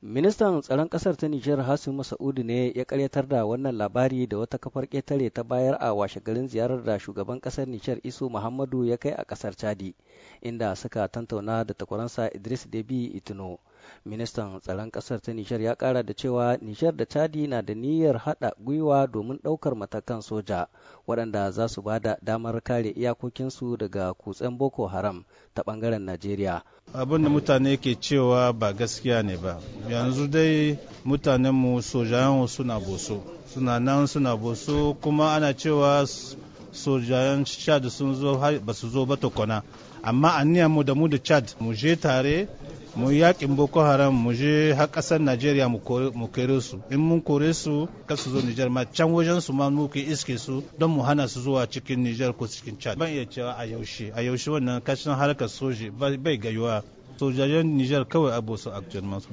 Ministan tsaron ƙasar ta Nijar Hasim Masa'udu ne ya karyatar da wannan labari da wata kafar ƙetare ta bayar a washe garin ziyarar da shugaban ƙasar Nijar iso Muhammadu ya kai a ƙasar Chadi, inda suka tantauna da takwaransa Idris Debi Itino ministan tsaron kasar ta nishar ya kara da cewa nishar da chadi na da niyyar hada gwiwa domin daukar matakan soja waɗanda za su ba da damar kare iyakokinsu daga kutsen boko haram ta bangaren najeriya abin da mutane ke cewa ba gaskiya ne ba yanzu dai mutanenmu sojayen suna boso suna nan suna boso kuma ana cewa sojayen chad sun zo ba su zo ba tukuna amma mu da mu da chad mu je tare mu yakin boko haram mu je har kasar najeriya mu kere su in mun kore su kasu zo nijar ma can wajen su ma ke iske su don mu hana su zuwa cikin nijar ko cikin chad ban iya cewa a yaushe a yaushe wannan kashin harkar soji bai gayuwa sojajen Nijar kawai a Boso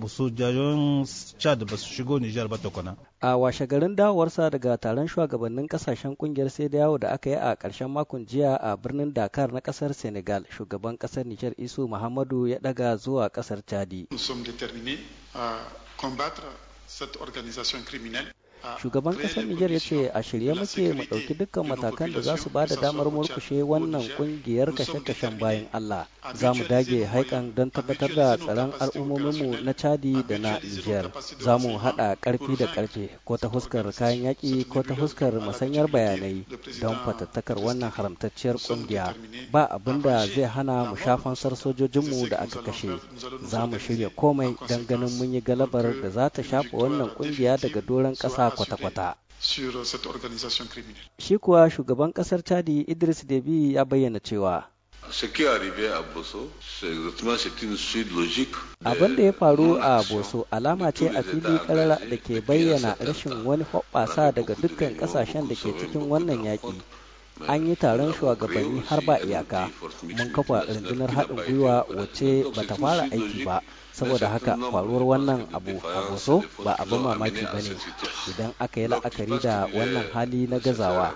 sojajen Chad ba su shigo Nijar ba tukuna. A washe garin dawowarsa daga taron shugabannin kasashen kungiyar sai da yawo da aka yi a ƙarshen makon jiya a birnin Dakar na ƙasar Senegal, shugaban ƙasar Nijar Isu Muhammadu ya daga zuwa kasar Chadi. Nous sommes déterminés shugaban kasar niger ya ce a shirye muke mu ɗauki dukkan matakan da za su ba da damar murkushe wannan kungiyar kashe-kashen bayan allah za mu dage haikan don tabbatar da tsaron al'ummominmu na chadi da na niger za mu haɗa ƙarfi da ƙarfe ko ta huskar kayan yaƙi ko ta huskar masanyar bayanai don fatattakar wannan haramtacciyar kungiya ba abin da zai hana mu shafansar sojojinmu da aka kashe za mu shirya komai don ganin mun yi galabar da za ta shafa wannan kungiya daga doron ƙasa kwata-kwata. Shi kuwa shugaban kasar Chadi Idris Debi ya bayyana cewa Abin da ya faru a Boso alama ce a fili karara da ke bayyana rashin wani hoɓɓasa daga dukkan kasashen da ke cikin wannan yaƙi an yi taron shugabanni har ba iyaka mun kafa rundunar haɗin gwiwa wacce ba ta fara aiki ba saboda haka faruwar wannan abu a goso ba abin mamaki ba ne idan aka yi la'akari da wannan hali na gazawa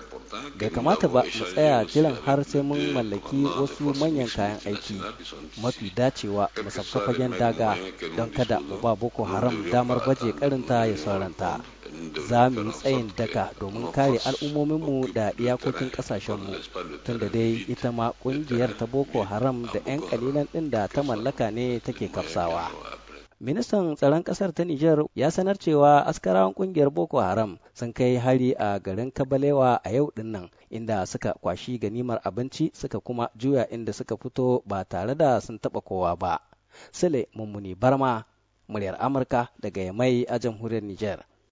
bai kamata ba mu tsaya jiran har sai mun mallaki wasu manyan kayan aiki mafi dacewa mu fagen daga don kada mu ba boko haram damar baje karinta ya sauranta. za mu yi tsayin daka domin kare al'ummominmu da iyakokin ƙasashenmu tunda dai ita ma ƙungiyar ta boko haram da 'yan kalilan ɗin da ta mallaka ne take kafsawa ministan tsaron ƙasar ta Nijar ya sanar cewa askarawan ƙungiyar boko haram sun kai hari a garin kabalewa a yau dinnan inda suka kwashi ganimar abinci suka kuma juya inda suka fito ba tare da sun taɓa kowa ba sule mummuni barma muryar amurka daga yamai a jamhuriyar Nijar.